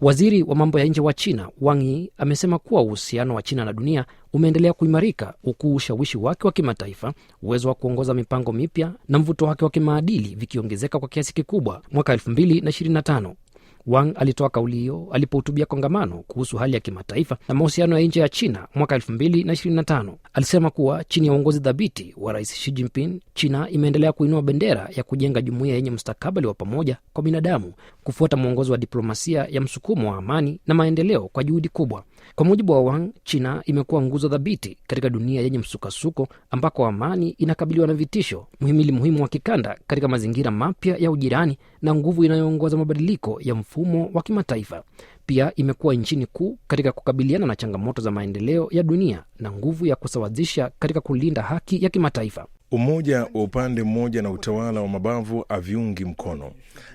Waziri wa mambo ya nje wa China Wang Yi amesema kuwa uhusiano wa China na dunia umeendelea kuimarika huku ushawishi wake wa kimataifa, uwezo wa kuongoza mipango mipya na mvuto wake wa kimaadili vikiongezeka kwa kiasi kikubwa mwaka 2025. Wang alitoa kauli hiyo alipohutubia kongamano kuhusu hali ya kimataifa na mahusiano ya nje ya China mwaka 2025. Alisema kuwa chini ya uongozi dhabiti wa Rais Xi Jinping, China imeendelea kuinua bendera ya kujenga jumuiya yenye mustakabali wa pamoja kwa binadamu, kufuata mwongozo wa diplomasia ya msukumo wa amani na maendeleo kwa juhudi kubwa kwa mujibu wa Wang, China imekuwa nguzo dhabiti katika dunia yenye msukasuko ambako amani inakabiliwa na vitisho, mhimili muhimu wa kikanda katika mazingira mapya ya ujirani na nguvu inayoongoza mabadiliko ya mfumo wa kimataifa. Pia imekuwa nchini kuu katika kukabiliana na changamoto za maendeleo ya dunia na nguvu ya kusawazisha katika kulinda haki ya kimataifa. Umoja wa upande mmoja na utawala wa mabavu haviungi mkono,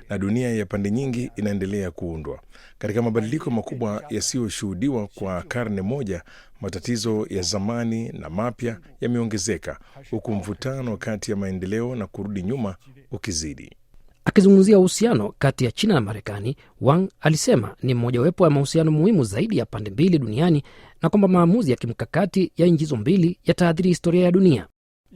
na dunia ya pande nyingi inaendelea kuundwa katika mabadiliko makubwa yasiyoshuhudiwa kwa karne moja. Matatizo ya zamani na mapya yameongezeka, huku mvutano kati ya maendeleo na kurudi nyuma ukizidi. Akizungumzia uhusiano kati ya China na Marekani, Wang alisema ni mmojawapo ya mahusiano muhimu zaidi ya pande mbili duniani na kwamba maamuzi ya kimkakati ya nchi hizo mbili yataathiri historia ya dunia.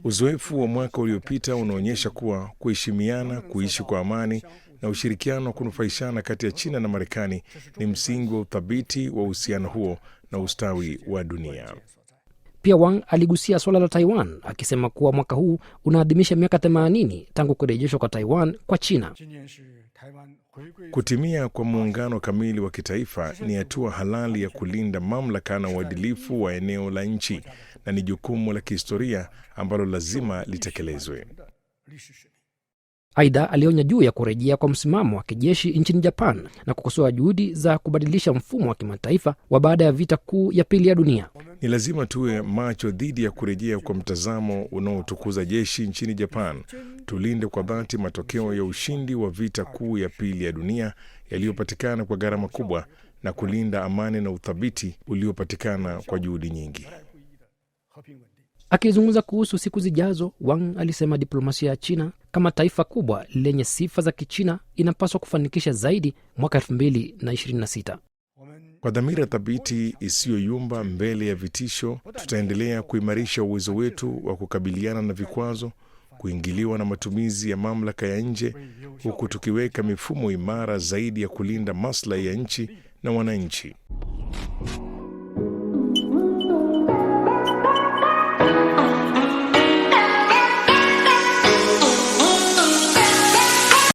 Uzoefu wa mwaka uliopita unaonyesha kuwa kuheshimiana, kuishi kwa amani na ushirikiano wa kunufaishana kati ya China na Marekani ni msingi wa uthabiti wa uhusiano huo na ustawi wa dunia. Pia Wang aligusia suala la Taiwan akisema kuwa mwaka huu unaadhimisha miaka 80 tangu kurejeshwa kwa Taiwan kwa China. Kutimia kwa muungano kamili wa kitaifa ni hatua halali ya kulinda mamlaka na uadilifu wa eneo la nchi na ni jukumu la kihistoria ambalo lazima litekelezwe. Aidha, alionya juu ya kurejea kwa msimamo wa kijeshi nchini Japan na kukosoa juhudi za kubadilisha mfumo wa kimataifa wa baada ya vita kuu ya pili ya dunia. Ni lazima tuwe macho dhidi ya kurejea kwa mtazamo unaotukuza jeshi nchini Japan. Tulinde kwa dhati matokeo ya ushindi wa vita kuu ya pili ya dunia yaliyopatikana kwa gharama kubwa na kulinda amani na uthabiti uliopatikana kwa juhudi nyingi. Akizungumza kuhusu siku zijazo, Wang alisema diplomasia ya China kama taifa kubwa lenye sifa za Kichina inapaswa kufanikisha zaidi mwaka 226 Kwa dhamira thabiti isiyoyumba mbele ya vitisho, tutaendelea kuimarisha uwezo wetu wa kukabiliana na vikwazo, kuingiliwa na matumizi ya mamlaka ya nje, huku tukiweka mifumo imara zaidi ya kulinda maslahi ya nchi na wananchi.